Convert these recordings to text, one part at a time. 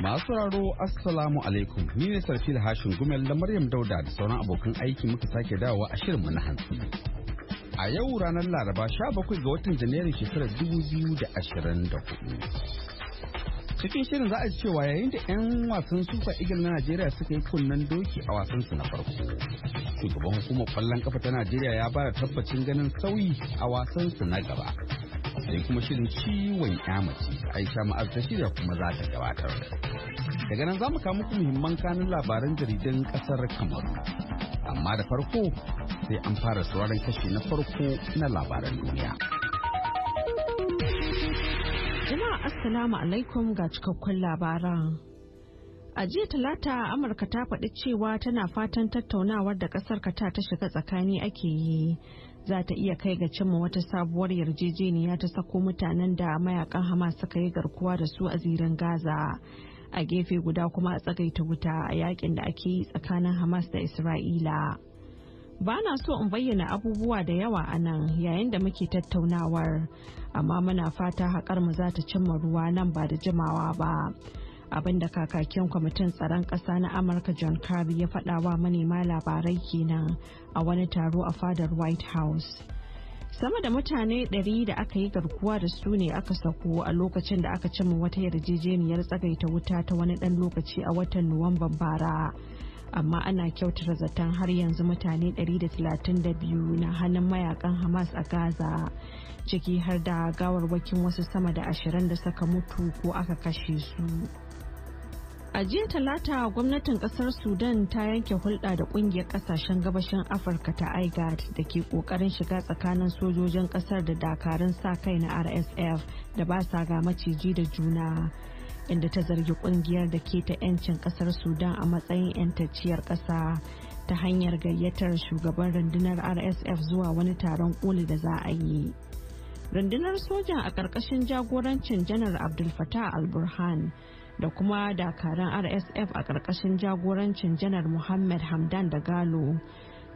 Masu sauraro Assalamu alaikum ni ne sarfil hashin gumel da Maryam Dauda da sauran abokan aiki muka sake dawowa a shirinmu na hantsi. A yau ranar Laraba sha bakwai ga watan Janairun shekarar dubu biyu da ashirin 2024. Cikin shirin za a ji cewa yayin da 'yan wasan sufa igil na Najeriya suka yi kunnen doki a wasan su na farko. Shugaban hukumar kwallon kafa ta Najeriya ya bada tabbacin ganin sauyi a wasan su na gaba. sai kuma shirin ciwon mace da aisha ma'az da kuma za ta gabatar daga nan za mu kawo muku muhimman kanun labaran jaridan kasar kamaru amma da farko sai an fara sauran kashi na farko na labaran duniya jama'a assalamu alaikum ga cikakkun labaran A jiya Talata Amurka ta faɗi cewa tana fatan tattaunawar da ƙasar ta ta shiga tsakani ake yi za ta iya kai ga cimma wata sabuwar yarjejeniya ta sako mutanen da mayakan hamas suka yi garkuwa da su a zirin gaza a gefe guda kuma a tsagaita wuta a yakin da ake yi tsakanin hamas da isra'ila ba na so in bayyana abubuwa da yawa a nan yayin da muke tattaunawar amma muna fata haƙar mu za ta cimma ruwa nan ba da jimawa ba abinda kakakin kwamitin tsaron ƙasa na amurka john kirby ya faɗawa manema labarai kenan a wani taro a fadar white house sama da mutane 100 da aka yi garkuwa da su ne aka sako a lokacin da aka cimma wata yarjejeniyar tsagaita wuta ta wani ɗan lokaci a watan nuwamban bara amma ana kyautata zaton har yanzu mutane 132 na hannun mayakan hamas a gaza ciki har da gawarwakin wasu sama da ashirin da suka mutu ko aka kashe su. A jiya talata gwamnatin kasar Sudan ta yanke hulɗa da ƙungiyar ƙasashen gabashin Afirka ta IGAD da ke ƙoƙarin shiga tsakanin sojojin ƙasar da dakarun sa kai na RSF da ba sa ga maciji da juna. Inda ta zargi ƙungiyar da ke ta 'yancin ƙasar Sudan a matsayin 'yantacciyar ƙasa ta hanyar gayyatar shugaban rundunar RSF zuwa wani taron koli da za a yi. Rundunar sojan a ƙarƙashin jagorancin janar Abdul Fattah al-Burhan da kuma dakaran rsf a ƙarƙashin jagorancin janar muhammad hamdan da galo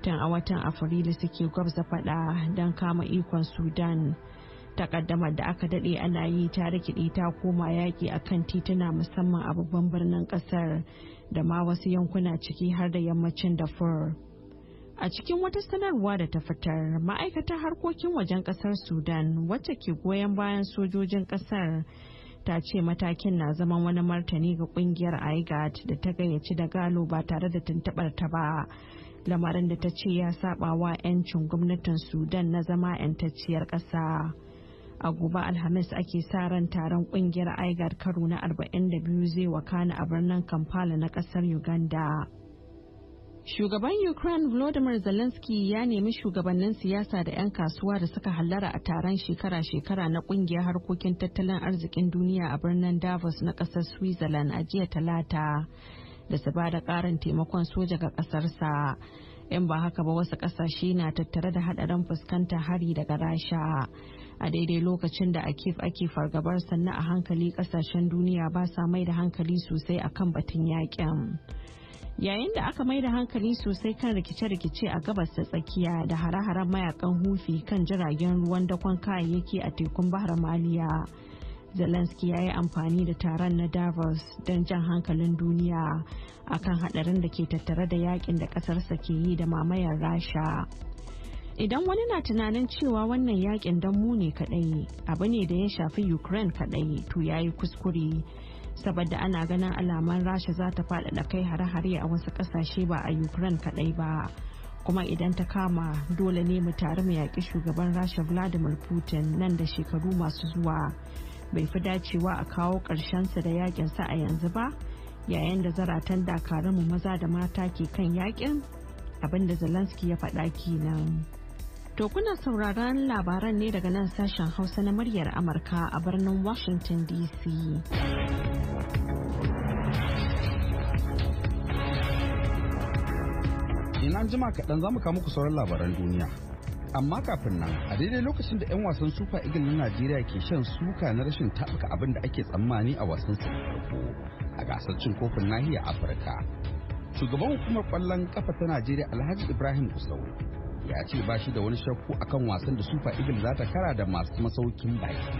tun a watan afrilu suke gwabza fada don kama ikon sudan takaddamar da aka daɗe ana yi ta rikide ta koma yaƙi a kan tituna musamman a babban birnin ƙasar da ma wasu yankuna ciki har da yammacin da fur. A cikin wata sanarwa da ta fitar, ma'aikatar harkokin wajen ƙasar Sudan wacce ke goyon bayan sojojin ƙasar? ta ce matakin na zaman wani martani ga kungiyar IGAD da ta gayyaci da galo ba tare da tuntubar ta ba. Lamarin da ta ce ya saba wa 'yancin gwamnatin Sudan na zama 'yantacciyar ƙasa. A gobe Alhamis ake sa ran taron kungiyar IGAD karo na 42 zai wakana a birnin Kampala na ƙasar Uganda. Shugaban Ukraine Volodymyr Zelensky ya nemi shugabannin siyasa da 'yan kasuwa da suka hallara a taron shekara-shekara na kungiyar harkokin tattalin arzikin duniya a birnin Davos na kasar Switzerland a jiya talata da su ba da karin taimakon soja ga kasarsa. In ba haka ba wasu kasashe na tattare da hadarin fuskantar hari daga rasha. A daidai lokacin da akif ake fargabar sannan a hankali kasashen duniya ba sa mai da hankali sosai akan batun yakin. yayin da aka mai da hankali sosai kan rikice-rikice a gabas da tsakiya da hare-haren mayakan hufi kan jiragen ruwan dakon kayayyaki a tekun bahar maliya zelensky ya yi amfani da taron na davos don jan hankalin duniya akan hadarin da ke tattare da yakin da kasarsa ke yi da mamayar rasha idan wani na tunanin cewa wannan yakin don mu ne kadai abu ne da ya shafi ukraine kadai to ya yi kuskure saboda ana ganin alaman rasha za ta faɗaɗa kai hare-hare a wasu ƙasashe ba a ukraine kaɗai ba kuma idan ta kama dole ne mu tare mu yaƙi shugaban rasha vladimir putin nan da shekaru masu zuwa bai fi dacewa a kawo ƙarshensa da yaƙinsa a yanzu ba yayin da zaratan dakarunmu maza da mata ke kan yaƙin abinda zelensky ya faɗa kenan. To kuna sauraron labaran ne daga nan sashen Hausa na muryar Amurka a birnin Washington DC. Ina jima kaɗan za mu kawo muku sauran labaran duniya. Amma kafin nan, a daidai lokacin da 'yan wasan Super Eagles na Najeriya ke shan suka na rashin taɓuka abin da ake tsammani a wasan su farko a gasar cin kofin nahiyar Afirka. Shugaban hukumar kwallon kafa ta Najeriya Alhaji Ibrahim Usau ya ce ba shi da wani shakku akan wasan da Super Eagles za ta kara da masu masaukin baki.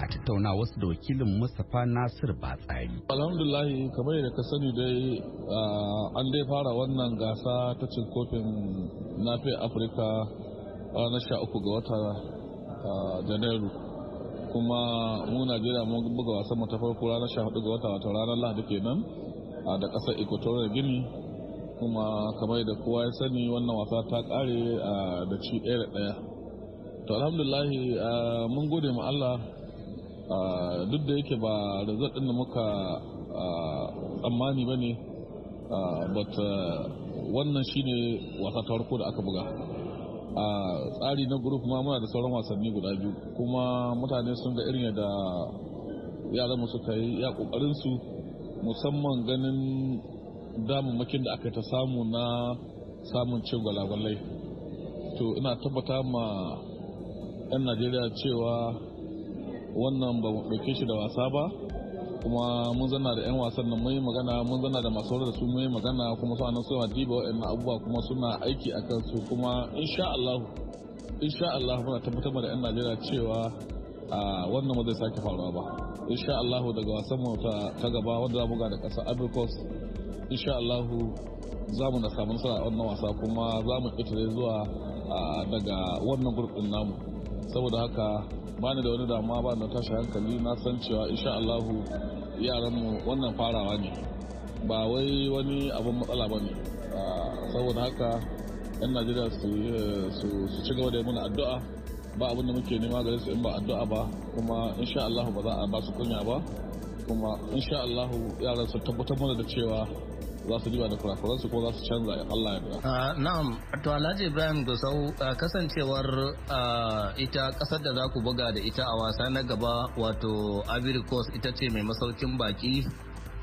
A tattauna wasu da wakilin Mustapha Nasir tsari. Alhamdulahi kamar yadda ka sani dai an dai fara wannan gasa ta cin kofin nafi Afirka ranar sha uku ga wata Janairu. kuma mu Najeriya mun buga wasan mu ta farko ranar ga wata wata ranar Lahadi kenan da ƙasar Equatorial Guinea kuma kamar da kowa ya sani wannan wasa ta kare da ci ɗaya da ɗaya to alhamdulahi mun gode ma Allah duk da yake ba da ɗin da muka tsammani ba ne but wannan shine wasa ta farko da aka buga a tsari na guruf ma muna da sauran wasanni guda biyu kuma mutane sun ga irin da yaran mu suka yi ya kokarin su musamman ganin damammakin da aka ta samu na samun cin gwalagwalai to ina tabbata ma 'yan najeriya cewa wannan ba mu ɗauke shi da wasa ba kuma mun zana da 'yan wasan nan mun yi magana mun zana da masu da su mun yi magana kuma su anan suna diba wa'annan abubuwa kuma suna aiki a kansu kuma insha Allah insha Allah muna tabbatar da 'yan Najeriya cewa wannan ba zai sake faruwa ba insha Allah daga wasan mu ta gaba wanda za mu ga da ƙasar Ivory insha allahu za mu na nasara a wannan wasa kuma za mu ƙetare zuwa daga wannan gurbin namu saboda haka ba ni da wani damuwa ba na tashi hankali na san cewa insha allahu yaran mu wannan farawa ne ba wai wani abun matsala ba ne saboda haka 'yan najeriya su ci gaba da muna addu'a ba abin da muke nema gare su in ba addu'a ba kuma insha allahu ba za a ba su kunya ba kuma insha allahu yaran su tabbatar mana da cewa za su duba da kurakuransu ko za su canza Allah ya ah, na'am to Alhaji Ibrahim Gusau ah, kasancewar ah, ita kasar da za ku buga da ita a wasa na gaba wato Ivory Coast ita ce mai masaukin baki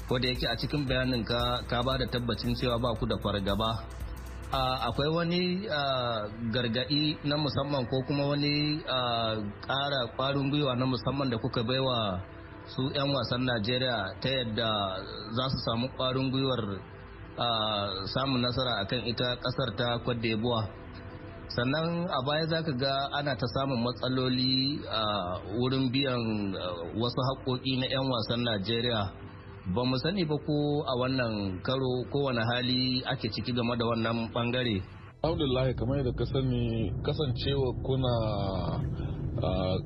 da yake a cikin bayanin ka ka ba da tabbacin cewa ba ku da fargaba akwai wani gargaɗi na musamman ko kuma wani ƙara ƙwarin gwiwa na musamman da kuka baiwa su 'yan wasan najeriya ta yadda za su samu ƙwarin gwiwar samun nasara akan ita kasar ta Cote sannan a baya za ka ga ana ta samun matsaloli a wurin biyan wasu haƙoƙi na 'yan wasan najeriya ba mu sani ba ko a wannan karo kowane hali ake ciki game da wannan bangare abdullahi kamar yadda ka sani kasancewa kuna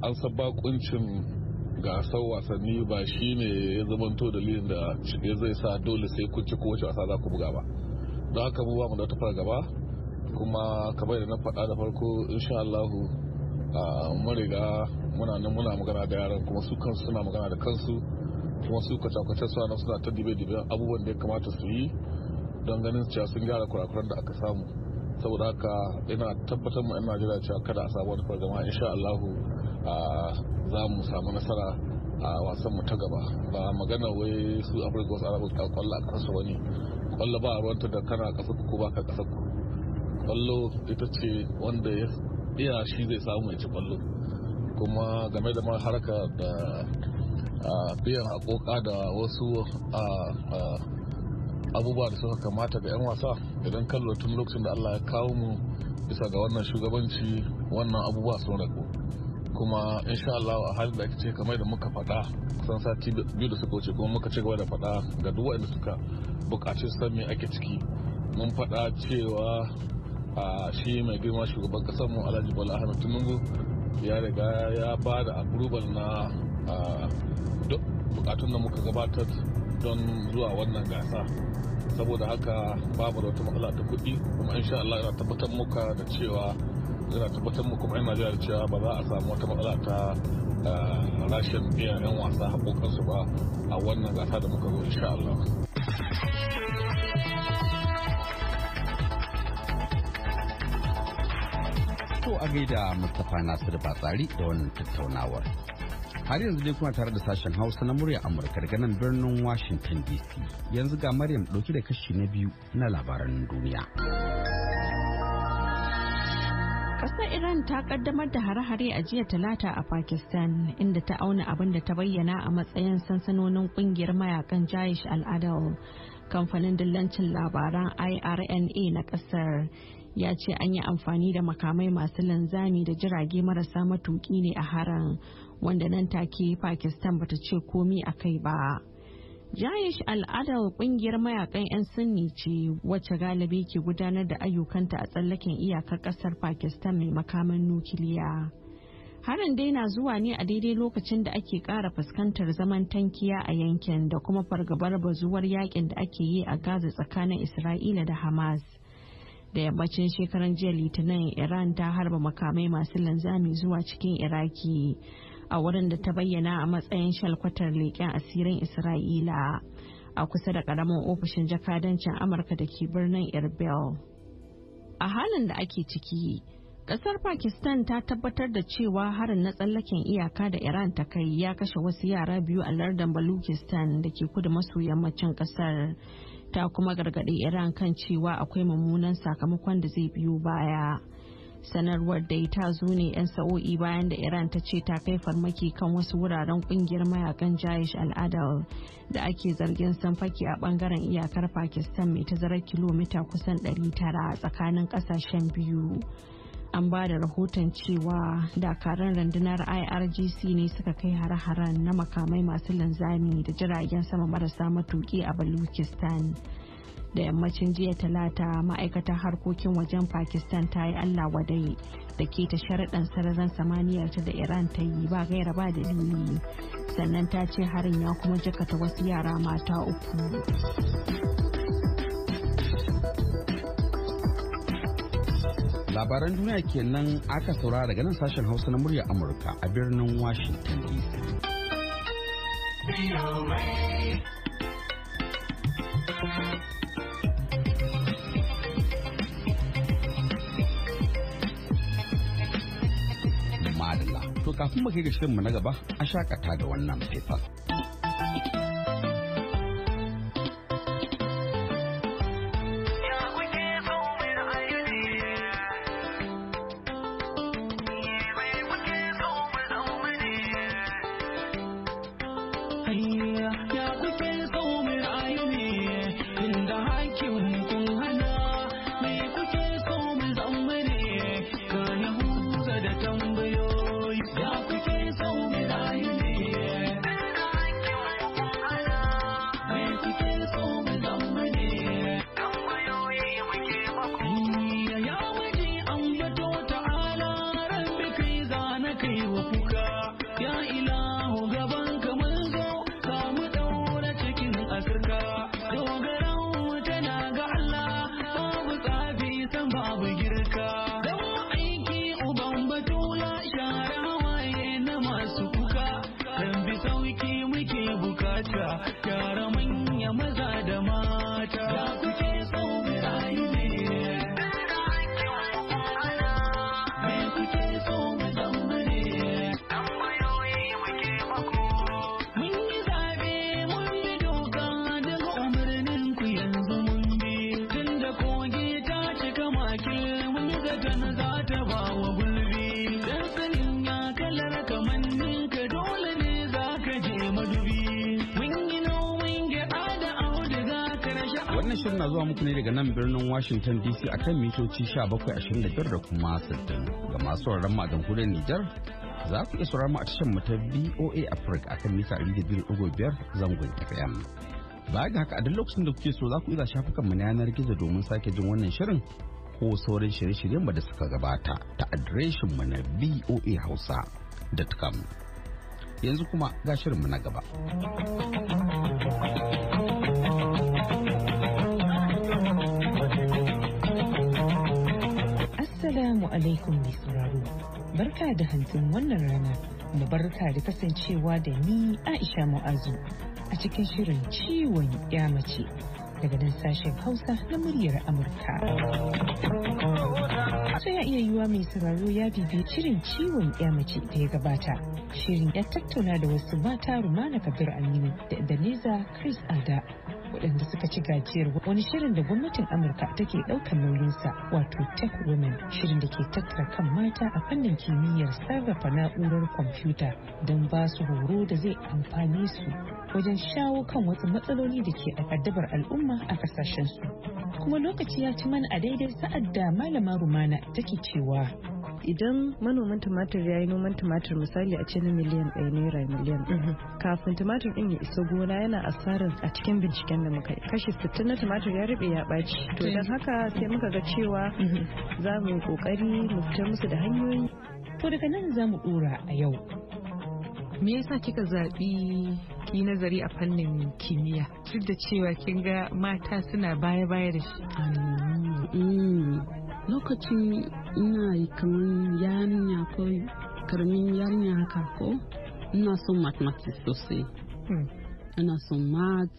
an sabakuncin gasar wasanni ba shi ne ya zamanto dalilin da ya zai sa dole sai kun ci kowace wasa za ku buga ba don haka mu ba mu da ta fargaba kuma kamar da na faɗa da farko insha Allah a mariga muna nan muna magana da yaran kuma su kansu suna magana da kansu kuma su kwace-kwace su nan suna ta dibe-dibe abubuwan da ya kamata su yi don ganin cewa sun gyara kurakuran da aka samu saboda haka ina tabbatar mu 'yan najeriya cewa kada a samu wani in insha Allah za mu samu nasara a wasan mu ta gaba ba magana wai su afirka wasu arabu ta kwallo a kasar wani kwallo ba ruwanta da kana kasar ku ba ka kasar ku kwallo ita ce wanda ya iya shi zai samu ya ci kwallo kuma game da haraka da biyan haƙoƙa da wasu abubuwa da suka kamata da 'yan wasa idan kallo tun lokacin da allah ya kawo mu bisa ga wannan shugabanci wannan abubuwa sun ragu kuma insha Allah a halin da ake ce kamar da muka faɗa kusan sati biyu da suka wuce kuma muka ci gaba da faɗa ga duk waɗanda suka buƙaci san me ake ciki mun faɗa cewa a shi mai girma shugaban ƙasar mu Alhaji Bola Ahmed Tinubu ya riga ya ba da approval na duk bukatun da muka gabatar don zuwa wannan gasa saboda haka babu da wata matsala ta kuɗi kuma insha Allah ina tabbatar muka da cewa yana tabbatar mu kuma yana jihar cewa ba za a samu wata matsala ta eh, rashin iya 'yan wasa haƙoƙansu ba a wannan gasa da muka zo insha Allah. To a gaida Mustapha Nasiru tsari da wannan tattaunawar. Har yanzu dai kuma tare da sashen Hausa na murya Amurka daga nan birnin Washington DC. Yanzu ga Maryam ɗauki da kashi na biyu na labaran duniya. Kasar Iran ta kaddamar da hare-hare a jiya talata a Pakistan inda ta auna abin da ta bayyana a matsayin sansanonin kungiyar mayakan Jayish adal Kamfanin dillancin labaran IRNA na kasar ya ce an yi amfani da makamai masu linzami da jirage marasa matuki ne a haran wanda nan take Pakistan bata ce komi a kai ba. Jayish al'adar kungiyar mayakan 'yan sunni ce wacce galibi ke gudanar da ayyukanta a tsallaken iyakar kasar Pakistan mai makaman nukiliya. Harin dai na zuwa ne a daidai lokacin da ake kara fuskantar zaman tankiya a yankin da kuma fargabar bazuwar yakin da ake yi a Gaza tsakanin Isra'ila da Hamas. Da yammacin shekaran jiya Litinin Iran ta harba makamai masu linzami zuwa cikin Iraki. a wurin da ta bayyana a matsayin shalkwatar leƙen asirin isra'ila a kusa da ƙaramin ofishin jakadancin amurka da ke birnin irbel a halin da ake ciki ƙasar pakistan ta tabbatar da cewa harin na tsallaken iyaka da iran ta kai ya kashe wasu yara biyu a lardin Balukistan da ke kudu maso yammacin ƙasar ta kuma gargaɗi iran kan cewa akwai mummunan sakamakon da zai biyo baya sanarwar dai ta zo ne 'yan sa'o'i bayan da iran ta ce ta kai farmaki kan wasu wuraren kungiyar mayakan jayish al'adar da ake zargin sanfaki a bangaren iyakar pakistan mai tazarar kilomita kusan 900 tsakanin kasashen biyu an ba da rahoton cewa dakarun rundunar irgc ne suka kai hare-haren na makamai masu linzami da jiragen sama marasa matuki a baluchistan da yammacin jiya talata ma'aikatar harkokin wajen pakistan ta yi allah wadai da ke ta sharaɗin sararin samaniyar ta da iran ta yi ba gaira ba dalili sannan ta ce harin ya kuma jakata wasu yara mata uku labaran duniya kenan aka saurara daga nan sashen hausa na murya amurka a birnin washington dc To kafin mu ga shirinmu na gaba a shakata da wannan paper. Thank you. nake bukata yara manya zuwa muku ne daga nan birnin Washington DC akan mitoci 1725 da kuma 60 ga masu sauraron ma kudin Nijar za ku iya sauraron mu a tashar mu ta VOA Africa akan mita 200.5 zangon FM. Baya ga haka a duk lokacin da kuke so za ku iya shafukan mu na yanar gizo domin sake jin wannan shirin ko sauran shirye-shiryen da suka gabata ta adireshin mu na voahausa.com. Yanzu kuma ga shirin mu na gaba. Assalamu alaikum mai sauraro. Barka da hantun wannan rana, mu barka da kasancewa da ni Aisha Mu'azu a cikin shirin ciwon ya mace daga nan sashen Hausa na muryar Amurka. Sai ya iya yiwa mai sauraro ya bibi shirin ciwon ya mace da ya gabata. Shirin ya tattauna da wasu mata Rumana Kabir Aminu da Ebenezer Chris Ada waɗanda suka ci gajiyar wani shirin da gwamnatin amurka take ɗaukar nauyinsa wato tech women shirin da ke tattara kan mata a fannin kimiyyar sarrafa na'urar kwamfuta don ba su horo da zai amfani su wajen shawo kan wasu matsaloli da ke addabar al'umma a kasashen su kuma lokaci ya ci mana a daidai sa'ad da malama rumana take cewa idan manoman tumatir ya yi noman tumatir misali a cikin miliyan ɗaya naira miliyan mhm. kafin tumatir ɗin ya isa gona yana asarar a cikin binciken da muka yi kashi sittin na tumatir ya rube ya ɓaci to don haka sai muka ga cewa mhm. za mu yi ƙoƙari mu fitar musu da hanyoyi to daga nan za mu ɗora a yau me yasa kika zaɓi ki nazari a fannin kimiyya duk da cewa kin ga mata suna baya-baya da shi eh. lokacin ina kamar yarinya ko karamin yarinya haka ko ina son mathematics sosai hmm. ina son math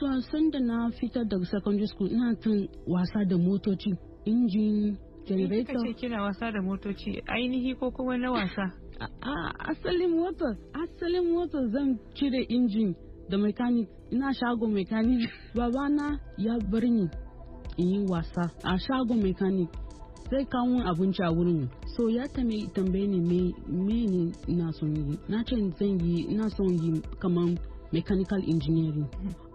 so san da na fita daga secondary school ina tun wasa da motoci injin generator ce kina wasa da motoci ainihi ko kuma na wasa asalin motor asalin motor zan cire injin da mechanic ina shago mechanic babana ya bar ni in yi wasa a shagon mechanic zai kawo abinci a wurin so ya tambaye ni me ne na son yi na ce zan yi na son yi kamar mechanical engineering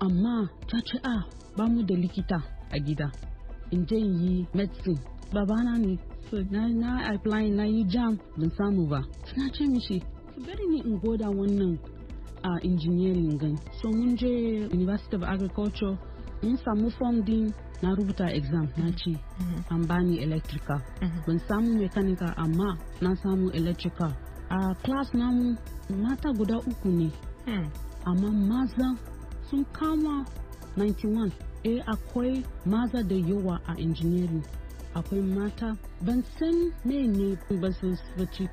amma ta ce a ba mu da likita a gida in je yi medicine babana ne so na na apply na yi jam ban samu ba na ce mishi ki bari ni in goda wannan a engineering gan so mun je university of agriculture mun samu funding na rubuta exam na ce mhm. an bani electrical mhm. ban samu mechanical amma na samu electrical a class namu mata guda uku ne hmm. amma maza sun kama 91 eh akwai maza da yawa a engineering akwai mata ban san ne ne ba su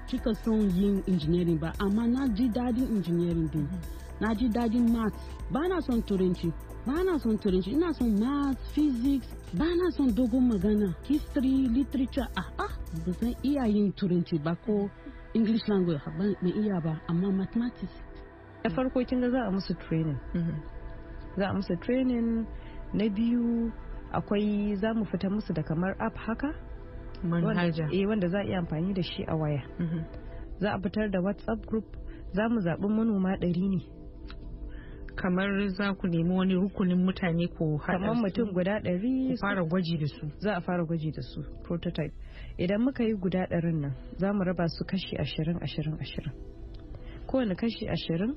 cika son yin engineering ba amma na ji dadin engineering din mhm. na ji dajin math ba na son turanci ba na son turanci ina son math physics ba na son dogon magana history literature a ah ba san iya yin turanci ba ko english language ban iya ba amma mathematics Na farko kin ga za a musu training mhm. za a musu training na biyu akwai za mu fita musu da kamar app haka manhaja eh wanda za a iya amfani da shi a waya mhm. za a fitar da whatsapp group za mu zaɓi manoma ɗari ne kamar za ku nemi wani rukunin mutane ko haɗa kamar mutum guda ɗari ku fara gwaji da su za a fara gwaji da su prototype idan muka yi guda ɗarin nan za mu raba su kashi ashirin ashirin ashirin kowane kashi ashirin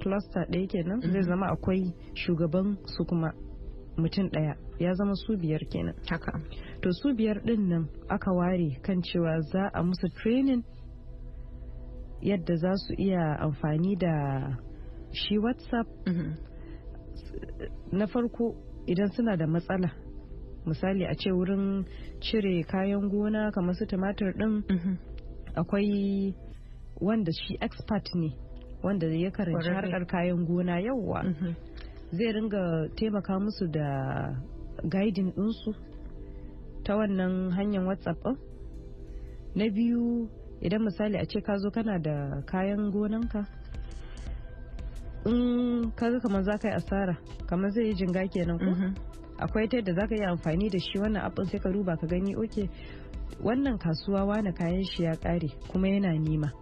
cluster ɗaya kenan zai mhm. zama akwai shugaban su kuma mutum ɗaya ya zama su biyar kenan haka to su biyar ɗin nan aka ware kan cewa za a musu training yadda za su iya amfani da shi whatsapp mhm. na farko idan suna da matsala misali a ce wurin cire kayan gona kamar su tumatir din mhm. akwai wanda shi expert ne wanda ya karanci harkar kayan gona yauwa mhm. zai ringa taimaka musu da guiding ɗinsu ta wannan hanyar whatsapp na biyu idan misali a ce ka zo kana da kayan gonanka in kaga kamar za ka yi asara kamar zai yi jinga kenan ko mm-hmm. akwai ta yadda za ka yi amfani da shi wannan abin sai ka ruba ka gani oke wannan kasuwa wani kayan shi ya kare kuma yana nima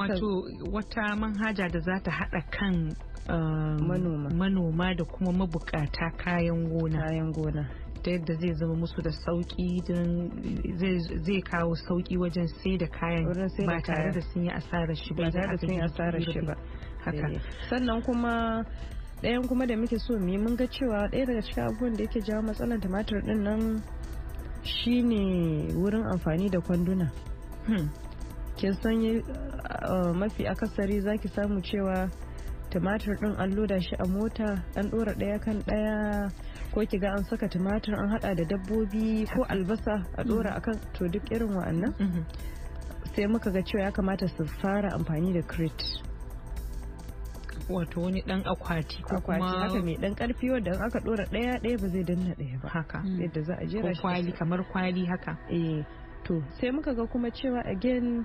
wato wata manhaja da za ta haɗa kan um, manoma da kuma mabukata kayan gona kayan gona ta yadda zai zama musu da sauki don zai kawo sauki wajen sai da kayan ba tare da sun yi asarar shi ba Eh. sannan kuma ɗayan kuma da muke so mu mun ga cewa ɗaya daga cikin abubuwan da yake jawo matsalar tumatir ɗin nan shine wurin amfani da kwanduna hmm. kin san mafi akasari zaki samu cewa tumatir ɗin an loda shi a mota an ɗora ɗaya kan ɗaya ko ki ga an saka tumatir an hada da dabbobi ko albasa a ɗora hmm. akan to duk irin wa'annan hmm. sai muka ga cewa ya kamata su fara amfani da crate wato wani dan akwati ko kuma haka mai dan karfi wanda aka dora daya daya ba zai danna daya ba haka yadda za a jera shi kwali kamar kwali haka eh to sai muka ga kuma cewa again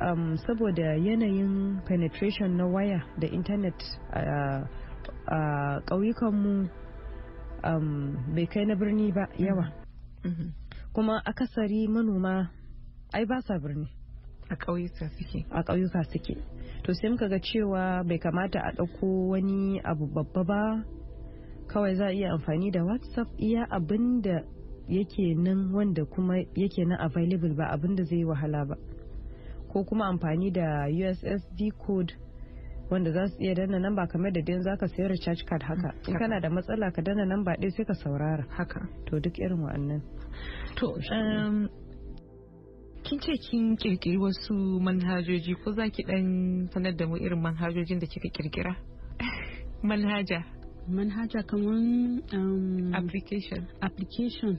um, saboda yanayin penetration na waya da intanet a uh, mu um, bai kai na birni ba yawa mm-hmm. Mm-hmm. kuma akasari manoma ai ba sa birni a ƙauyuka suke a ƙauyuka suke to sai muka ga cewa bai kamata a ɗauko wani abu babba ba kawai za a iya amfani da whatsapp iya abin da yake nan wanda kuma yake nan available ba abin da zai wahala ba ko kuma amfani da ussd code wanda za su iya danna namba kamar da za zaka sayar recharge card haka in kana da matsala ka danna namba ɗaya sai ka saurara haka to duk irin wa'annan to um, kin ce kin kirkiri wasu manhajoji ko za ki dan sanar da mu irin manhajojin da kika kirkira manhaja manhaja kamar um, application application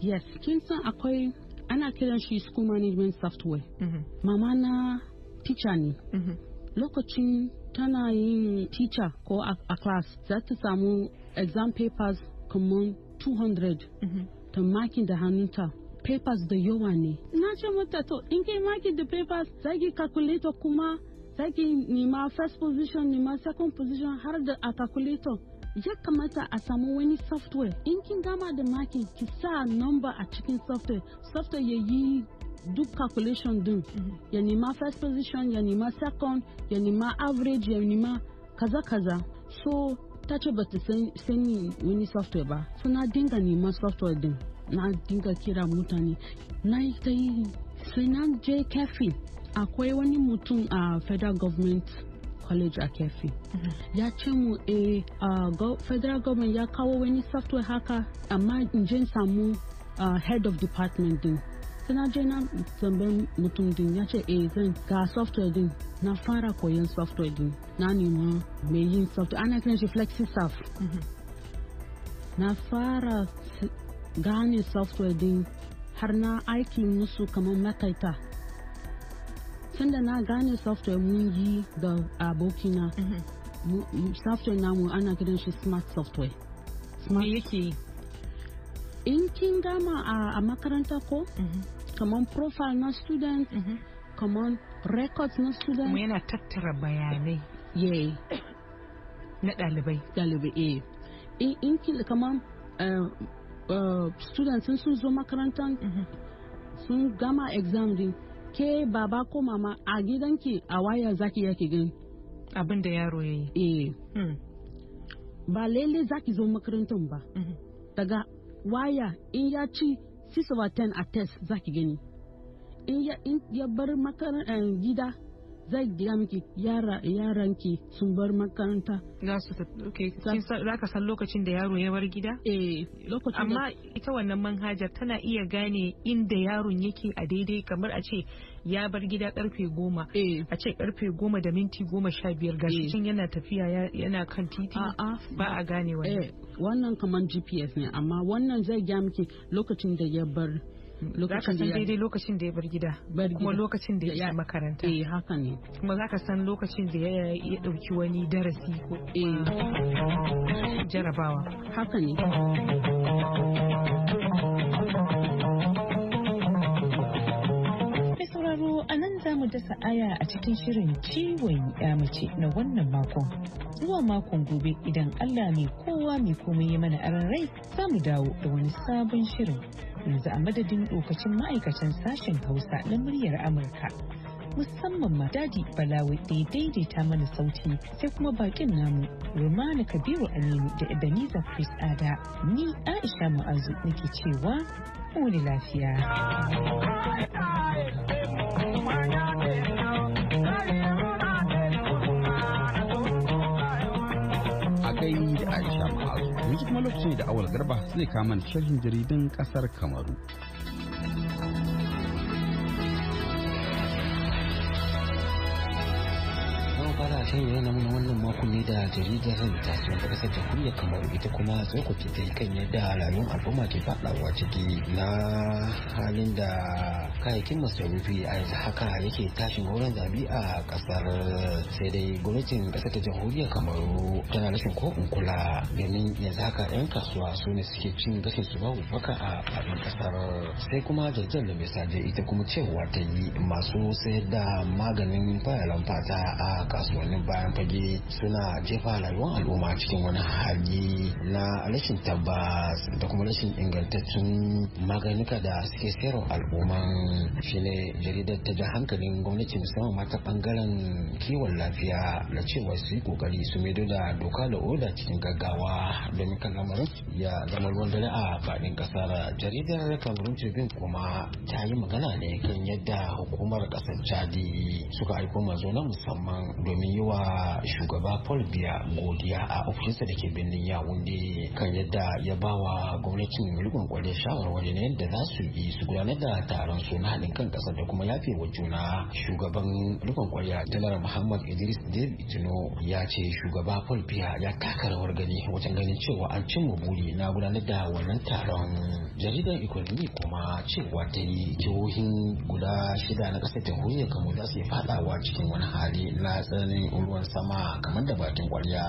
yes kin san akwai ana kiran shi school management software mm -hmm. mama na teacher ne mm -hmm. lokacin tana yin teacher ko a, a class za ta samu exam papers kamar 200 mm -hmm. ta makin da hannunta papers da yawa ne na ce mata to in kai maki da papers ki calculator kuma ki nima first position nima second position har da a calculator ya kamata a samu wani software in kin gama da maki ki sa number a cikin software software ya yi duk calculation din ya nima first position ya nima second ya nima average ya nima kaza kaza so ta ce ba ta sani wani software ba suna dinga nima software din na dinga kira mutane na yi ta yi sai na je kefi akwai wani mutum a federal government college a kefi mm ya ce mu e eh, federal government ya kawo wani software haka amma in je samu head of department din sai na je na tambayin mutum din ya ce eh zan ga software din na fara koyon software din na nema mai yin software ana kiran shi flexi staff mm-hmm. na fara gane software din har na aiki musu kamar makaita tunda na gane software mun yi da abokina mhm. software namu ana gidan shi smart software smart yake in kin gama a makaranta ko mhm. kamar profile na student mhm. kamar records na student kuma yana tattara bayanai yayi na ɗalibai ɗalibai eh in kin kamar eh, Uh, students sun zo makarantar mhm. sun gama exam din ke baba ko mama a gidanki a waya zaki yake gani abin da yaro ya yi eh hmm. ba lele zaki zo makarantar ba mhm. daga waya in ya ci 6 over 10 a test zaki gani in ya bar eh, gida zai gida miki yaranki sun bar makaranta za su okay za ka san lokacin da yaro ya bar gida eh lokacin amma ita wannan manhajar tana iya gane inda yaron yake a daidai kamar a ce ya bar gida karfe goma eh. a ce karfe goma da minti goma sha biyar gashi eh. can yana tafiya yana kan titi ba a gane wannan eh, wannan kamar gps ne amma wannan zai gya miki lokacin da ya bar lokacin da daidai lokacin da ya bar gida kuma lokacin da ya makaranta eh haka ne kuma zaka san lokacin da ya dauki wani darasi ko eh. jarabawa haka ne sauraro a nan za mu dasa aya a cikin shirin ciwon ya mace na wannan makon. Zuwa makon gobe idan Allah mai kowa mai komai ya mana aran rai za mu dawo da wani sabon shirin. Yanzu a madadin lokacin ma'aikacin sashen Hausa na muryar Amurka. Musamman ma dadi Balawi da ya daidaita mana sauti sai kuma bakin namu Rumana Kabiru Aminu da Ebenezer Chris Ada ni Aisha Ma'azu nake cewa wani lafiya. kuma lokacin da awal garba zai kama da sharhin jaridan kasar kamaru fara shan yana na wannan makon ne da jaridar tasiri ta kasar jamhuriya kamar ita kuma tsokoki ta kan yadda rayuwar al'umma ke faɗawa ciki na halin da kayayyakin masarufi a yanzu haka yake tashin wurin zabi a kasar sai dai gwamnatin kasar ta jamhuriya kamaru tana rashin ko in kula domin yanzu haka yan kasuwa su ne suke cin gashin su babu baka a faɗin kasar sai kuma jirgin da mai ita kuma cewa ta yi masu sayar da maganin fayalan fata a kasuwa wani bayan fage suna jefa rayuwar al'umma cikin wani hali na rashin tabbas da kuma rashin ingantaccen maganika da suke sayarwa al'umma shine jaridar ta ji hankalin gwamnati musamman mata bangaren kiwon lafiya da cewa su yi kokari su maido da doka da oda cikin gaggawa domin kan lamarin ya zama ruwan dare a faɗin ƙasar jaridar cameroon tribune kuma ta yi magana ne kan yadda hukumar ƙasar chadi suka aiko mazo na musamman domin domin yi wa shugaba Paul Biya godiya a ofishinsa da ke birnin Yawunde kan yadda ya ba wa gwamnatin mulkin kwale shawarwari na yadda za su yi su gudanar da taron su na haɗin kan ƙasar da kuma yafe wa juna. Shugaban mulkin kwale Janar Muhammad Idris David Tino ya ce shugaba Paul Biya ya taka rawar gani wajen ganin cewa an cimma buri na gudanar da wannan taron. Jaridar ikonomi kuma cewa ta yi jihohin guda shida na ƙasar jamhuriyar kamar za su yi faɗawa cikin wani hali na tsanani zai ruwan sama kamar da bakin kwarya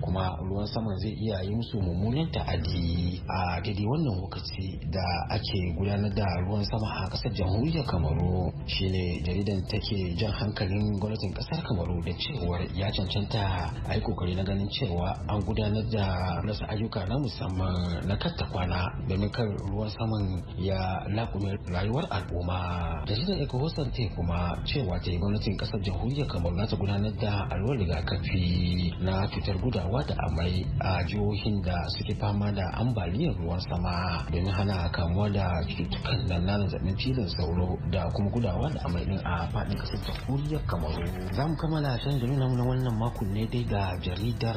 kuma ruwan sama zai iya yi musu mummunan ta'adi a daidai wannan lokaci da ake gudanar da ruwan sama a kasar jamhuriyar kamaru shine jaridan take jan hankalin gwamnatin kasar kamaru da cewar ya cancanta a yi kokari na ganin cewa an gudanar da rasa ayyuka na musamman na katta kwana domin kar ruwan saman ya lakume rayuwar al'umma jaridan ecohosan te kuma cewa ta yi gwamnatin kasar jamhuriyar kamaru na ta gudanar da alwar rigakafi na fitar gudawa da amai a jihohin da suke fama da ambaliyar ruwan sama domin hana kamuwa da cututtukan nan na zazzabin cizon sauro da kuma gudawa da amai din a faɗin ƙasar jamhuriyar kamaru za mu kammala shan jami'in na wannan makon ne dai ga jaridar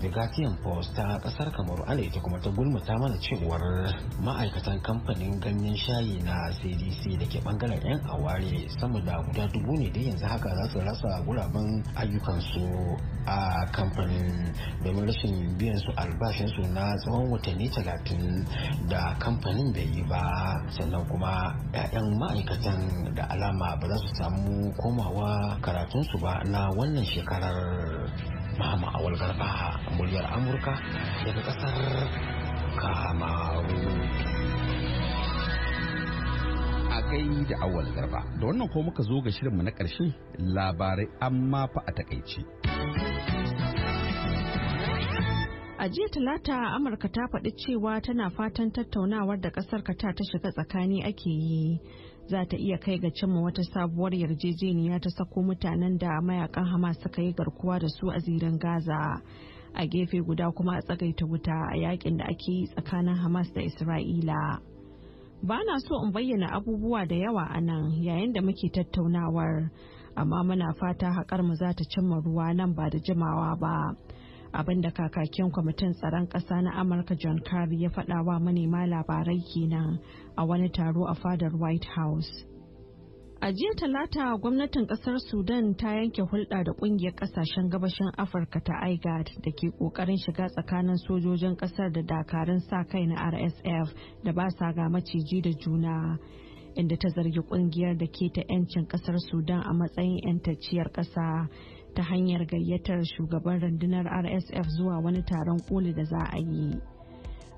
the guardian post ta kasar kamaru ana ita kuma ta gulmata mana cewar ma'aikatan kamfanin ganyen shayi na cdc da ke bangaren yan aware sama da guda dubu ne da yanzu haka za su rasa guraben ayyukansu a kamfanin domin rashin biyan su albashinsu na tsawon watanni talatin da kamfanin bai yi ba sannan kuma 'ya'yan ma'aikatan da alama ba za su samu komawa karatunsu ba na wannan shekarar Mama Awal Garba muryar Amurka daga kasar Kamaru. A kai da Awal Garba, da wannan ko muka zo ga shirinmu na ƙarshe labarai amma fa a takaice. A jiya Talata Amurka ta faɗi cewa tana fatan tattaunawar da ƙasar ta ta shiga tsakani ake yi. za ta iya kai ga cimma wata sabuwar yarjejeniya ta sako mutanen da mayakan hamas suka yi garkuwa da su a zirin gaza a gefe guda kuma a tsagaita wuta a yakin da ake yi tsakanin hamas da isra'ila ba na so in bayyana abubuwa da yawa a nan yayin da muke tattaunawar amma muna fata haƙar mu za ta cimma ruwa nan ba da jimawa ba. abinda kakakin kwamitin tsaron ƙasa na amurka john kerry ya faɗa wa manema labarai kenan a wani taro a fadar white house a jiya talata gwamnatin ƙasar sudan ta yanke hulɗa da ƙungiyar ƙasashen gabashin afirka ta igad da ke ƙoƙarin shiga tsakanin sojojin ƙasar da dakarun sa kai na rsf da ba sa ga maciji da juna inda ta zargi ƙungiyar da ke ta 'yancin ƙasar sudan a matsayin 'yantacciyar ƙasa ta hanyar gayyatar shugaban rundunar rsf zuwa wani taron koli da za a yi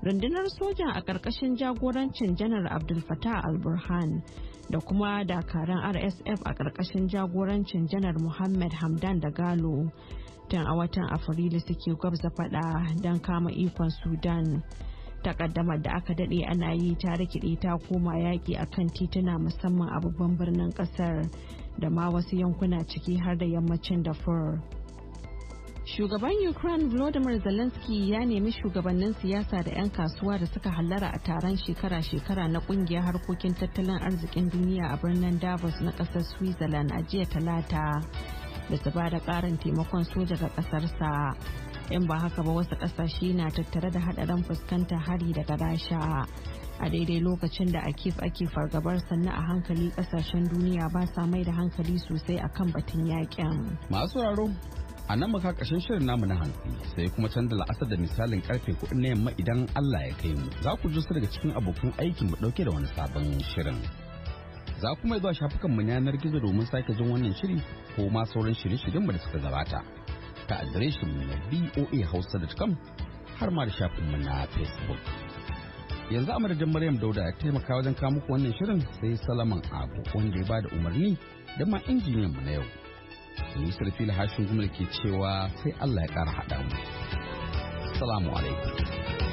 rundunar sojan a ƙarƙashin jagorancin janar abdul fatah al-burhan da kuma dakaran rsf a ƙarƙashin jagorancin janar muhammad hamdan da galo tun a watan afrilu suke gwabza fada don kama ikon sudan takaddamar da aka daɗe ana yi ta rikide ta koma yaki akan tituna musamman a babban birnin ƙasar. da ma wasu yankuna ciki har da yammacin da fur. Shugaban Ukraine Volodymyr Zelensky ya nemi shugabannin siyasa da 'yan kasuwa da suka hallara a taron shekara-shekara na kungiyar harkokin tattalin arzikin duniya a birnin Davos na ƙasar Switzerland a jiya talata. da su ba da ƙarin taimakon soja ga ƙasarsa in ba haka ba wasu ƙasashe na tattare da haɗarin fuskanta hari daga rasha a daidai lokacin da a ake fargabar sannu a hankali ƙasashen duniya ba sa mai da hankali sosai a kan batun yakin masu sauraro a nan maka kashin shirin namu na hantsi sai kuma canza da la'asar da misalin karfe kuɗi na yamma idan Allah ya kai mu za ku ji su daga cikin abokan aikin mu ɗauke da wani sabon shirin za kuma zuwa shafukan mu yanar gizo domin sake jin wannan shiri ko ma sauran shirye-shiryen da suka gabata ta adireshin mu na voahausa.com har ma da shafin mu na facebook yanzu amadadin maryam dauda ya taimaka wajen kawo muku wannan shirin sai salaman abu wanda ya bada umarni da ma injiniyan mu na yau ni fili hashin gumal ke cewa sai allah ya kara haɗa mu salamu alaikum